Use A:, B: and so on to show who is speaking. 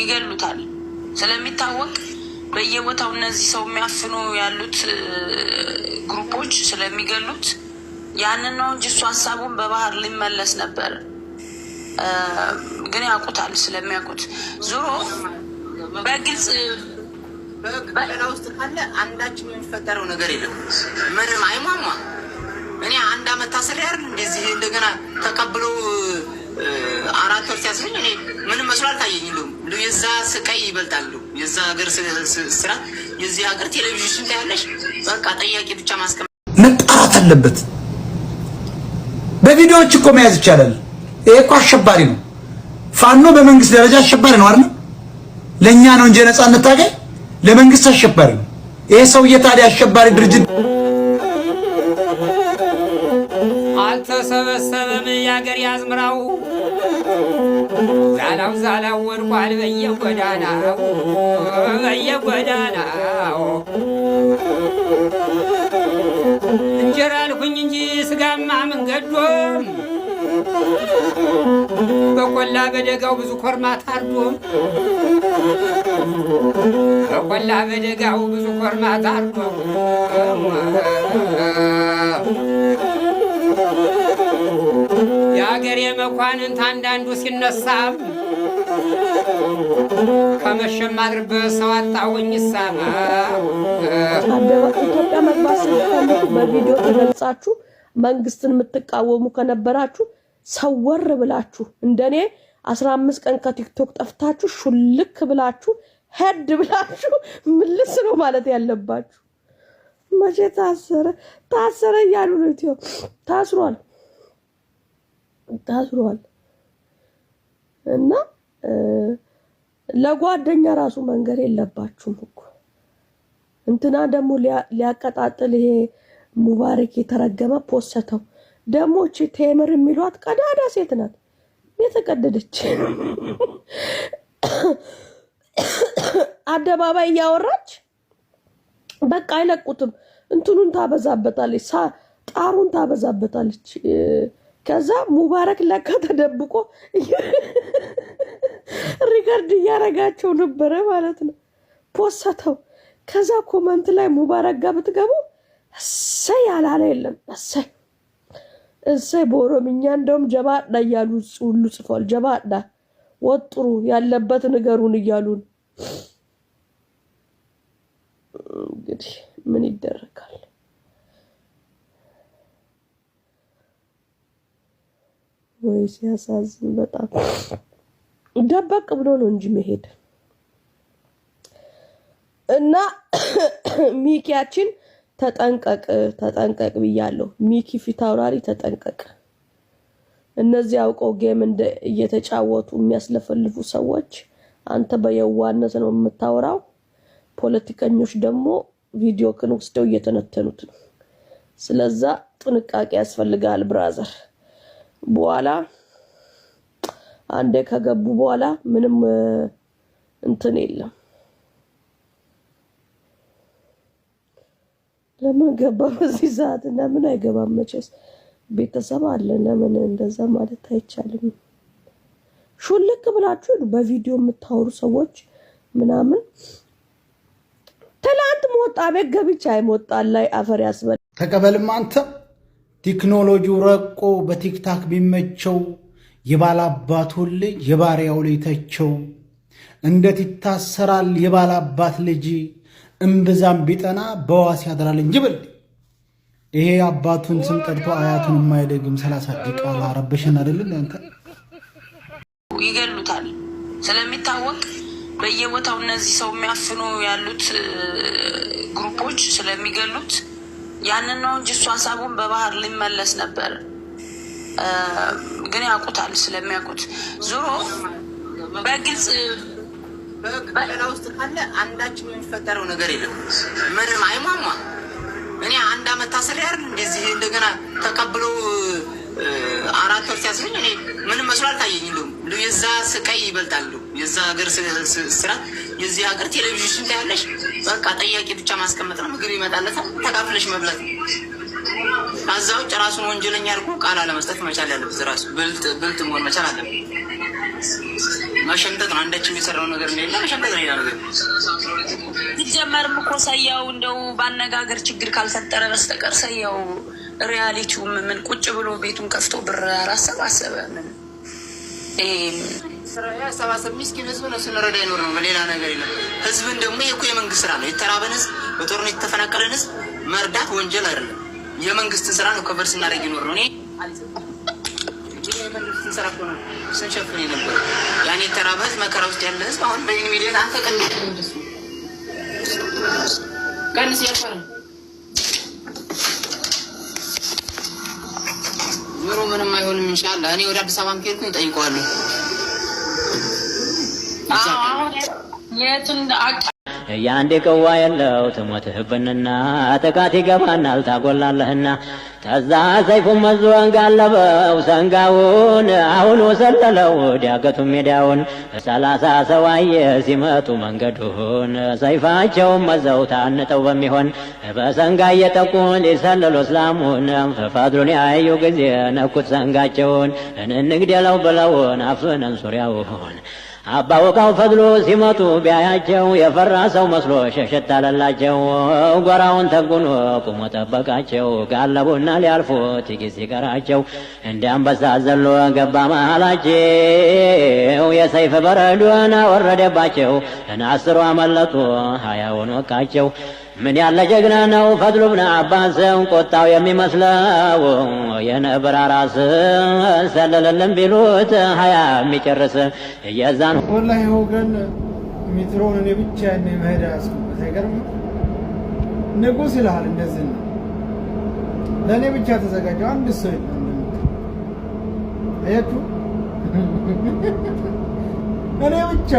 A: ይገሉታል ስለሚታወቅ በየቦታው እነዚህ ሰው የሚያፍኑ ያሉት ግሩፖች ስለሚገሉት ያንን ነው እንጂ እሱ ሀሳቡን በባህር ሊመለስ ነበር። ግን ያውቁታል ስለሚያውቁት ዙሮ በግልጽ
B: በሌላ ውስጥ ካለ አንዳችም የሚፈጠረው ነገር የለም። ምንም አይሟሟ። እኔ አንድ አመት ታስሬ አይደል እንደዚህ እንደገና ተቀብለው ትምህርት ያስገኝ እኔ ምንም መስሎ አልታየኝ። እንደውም የዛ ስቃይ ይበልጣሉ። የዛ ሀገር ስራ፣ የዚህ ሀገር ቴሌቪዥን ታያለሽ። በቃ ጠያቂ ብቻ ማስቀመጥ
C: መጣራት አለበት። በቪዲዮዎች እኮ መያዝ ይቻላል። ይሄ እኮ አሸባሪ ነው። ፋኖ በመንግስት ደረጃ አሸባሪ ነው አይደል? ለእኛ ነው እንጂ ነጻነት ታገኝ ለመንግስት አሸባሪ ነው። ይሄ ሰውዬ ታዲያ አሸባሪ ድርጅት
D: አልተሰበሰበም የአገር ያዝምራው ያላብዛላው ወድቋል በየጎዳናው በየጎዳናው እንጀራ አልኩኝ እንጂ ስጋማ መንገዶም በቆላ በደጋው ብዙ ኮርማ ታርዶ በቆላ በደጋው ብዙ ኮርማ የአገሬ መኳንንት አንዳንዱ ሲነሳም ከመሸም አድርበት ሰው
E: ኢትዮጵያ መግባት በቪዲዮ ተገልጻችሁ መንግስትን የምትቃወሙ ከነበራችሁ ሰወር ብላችሁ እንደኔ አስራ አምስት ቀን ከቲክቶክ ጠፍታችሁ ሹልክ ብላችሁ ሄድ ብላችሁ ምልስ ነው ማለት ያለባችሁ። መቼ ታሰረ ታሰረ እያሉ ነው። ኢትዮ ታስሯል ታስሯል እና ለጓደኛ ራሱ መንገር የለባችሁም እኮ እንትና ደግሞ ሊያቀጣጥል ይሄ ሙባረክ የተረገመ ፖሰተው ደግሞ እቺ ቴምር የሚሏት ቀዳዳ ሴት ናት የተቀደደች አደባባይ እያወራች በቃ አይለቁትም እንትኑን ታበዛበታለች ጣሩን ታበዛበታለች ከዛ ሙባረክ ለካ ተደብቆ ሪከርድ እያረጋቸው ነበረ ማለት ነው። ፖሰተው ከዛ ኮመንት ላይ ሙባረክ ጋር ብትገቡ እሰይ ያላለ የለም። እሰይ እሰይ በኦሮምኛ እንደውም ጀባዳ እያሉ ሁሉ ጽፏል። ጀባዳ ወጥሩ ያለበት ንገሩን እያሉን እንግዲህ ምን ይደረጋል? ወይ ሲያሳዝን በጣም ደበቅ ብሎ ነው እንጂ መሄድ እና ሚኪያችን ተጠንቀቅ ተጠንቀቅ ብያለሁ። ሚኪ ፊት አውራሪ ተጠንቀቅ። እነዚህ አውቀው ጌም እንደ እየተጫወቱ የሚያስለፈልፉ ሰዎች፣ አንተ በየዋነት ነው የምታወራው። ፖለቲከኞች ደግሞ ቪዲዮ ክን ወስደው እየተነተኑት ነው። ስለዛ ጥንቃቄ ያስፈልጋል ብራዘር በኋላ አንዴ ከገቡ በኋላ ምንም እንትን የለም። ለምን ገባ በዚህ ሰዓት? ለምን አይገባም? መቼስ ቤተሰብ አለ። ለምን እንደዛ ማለት አይቻልም። ሹልክ ብላችሁ በቪዲዮ የምታወሩ ሰዎች ምናምን ትላንት ሞጣ ቤት አይሞጣ ላይ አፈር ያስበል።
F: ተቀበልም አንተ ቴክኖሎጂው ረቆ በቲክታክ ቢመቸው የባላባቱን ልጅ የባሪያው ልጅ ተቸው። እንዴት ይታሰራል የባላባት ልጅ? እምብዛም ቢጠና በዋስ ያድራል እንጂ ብል ይሄ አባቱን ስም ጠርቶ አያቱን የማይደግም ሰላሳ ደቂቃ አረበሽን አይደለም አንተ
A: ይገሉታል ስለሚታወቅ በየቦታው እነዚህ ሰው የሚያፍኑ ያሉት ግሩፖች ስለሚገሉት ያንን ነው እንጂ እሱ ሀሳቡን በባህር ሊመለስ ነበር ግን ያውቁታል ስለሚያውቁት ዙሮ በግልጽ በሌላ ውስጥ ካለ አንዳችም የሚፈጠረው ነገር የለም። ምንም አይሟሟ። እኔ አንድ አመት ታስሬ አይደል እንደዚህ እንደገና ተቀብሎ አራት ወር ሲያስገኝ እኔ ምንም መስሎ አልታየኝ። እንደውም የዛ ስቀይ ይበልጣሉ። የዛ ሀገር ስራ የዚህ ሀገር ቴሌቪዥን ታያለሽ። በቃ ጠያቂ ብቻ ማስቀመጥ ነው። ምግብ ይመጣለታል፣ ተካፍለሽ መብላት ነው። ከዛ ውጭ ራሱን ወንጀለኛ አድርጎ ቃል አለመስጠት መቻል ያለበት ራሱ ብልጥ ብልጥ መሆን መቻል አለበት። መሸምጠት ነው አንዳች የሚሰራው ነገር እንደሌለ መሸምጠት ነው። ነገር ሲጀመርም እኮ ሰያው እንደው በአነጋገር ችግር ካልፈጠረ በስተቀር ሰያው ሪያሊቲውም ምን ቁጭ ብሎ ቤቱን ከፍቶ ብር አሰባሰበ ምን ሰባሰብ ሚስኪን ህዝብ ነው ስንረዳ ይኖር ነው። በሌላ ነገር የለም። ህዝብን ደግሞ የኮ የመንግስት ስራ ነው። የተራበን ህዝብ፣ በጦርነት የተፈናቀለን ህዝብ መርዳት ወንጀል አይደለም። የመንግስትን ስራ ነው ከቨር ስናደርግ ይኖር ነው። እኔ ስራ እኮ ነው ስንሸፍን የነበረ ያኔ የተራበ ህዝብ፣ መከራ ውስጥ ያለ ህዝብ አሁን በይን ሚሊዮን አንተ ቀንስ ምንም አይሆንም እንሻላ። እኔ ወደ አዲስ አበባ ከሄድኩኝ ጠይቀዋለሁ
G: የአንድ ቅዋ የለው ትሞትህብንና ጥቃት ይገባናል ታጎላለህና ተዛ ሰይፉን መዞ ጋለበው ሰንጋውን አሁኑ ሰለለው ዲያገቱ ሜዳውን ሰላሳ ሰዋየ ሲመጡ መንገዱን ሰይፋቸውን መዘው ታንጠው በሚሆን በሰንጋ እየጠቁን ሊሰልሉ እስላሙን ፈፋድሩን ያዩ ጊዜ ነኩት ሰንጋቸውን እንንግደለው ብለውን አፍነን ዙሪያውን አባ ወቃው ፈድሎ ሲመጡ ቢያያቸው የፈራ ሰው መስሎ ሸሸት አለላቸው። ጎራውን ተጉኖ ቁሞ ጠበቃቸው። ጋለቡና ሊያልፉት ጊዜ ሲቀራቸው እንደ አንበሳ ዘሎ ገባ መሃላቸው። የሰይፍ በረዶን ወረደባቸው እና አስሩ አመለጡ ሀያውን ወቃቸው። ምን ያለ ጀግና ነው ፈድሎ ብነ አባስም ቆጣው የሚመስለው የነብር አራስ ሰለለልን ቢሉት ሀያ የሚጨርስ እየዛን ነው
H: ወላሂ ወገን ሜትሮን እኔ ብቻ ነ መሄድ ያስኩበት አይገርም ንጉስ ይልሃል እንደዚህ ነው ለእኔ ብቻ ተዘጋጀው አንድ ሰው የለ አያችሁ እኔ ብቻ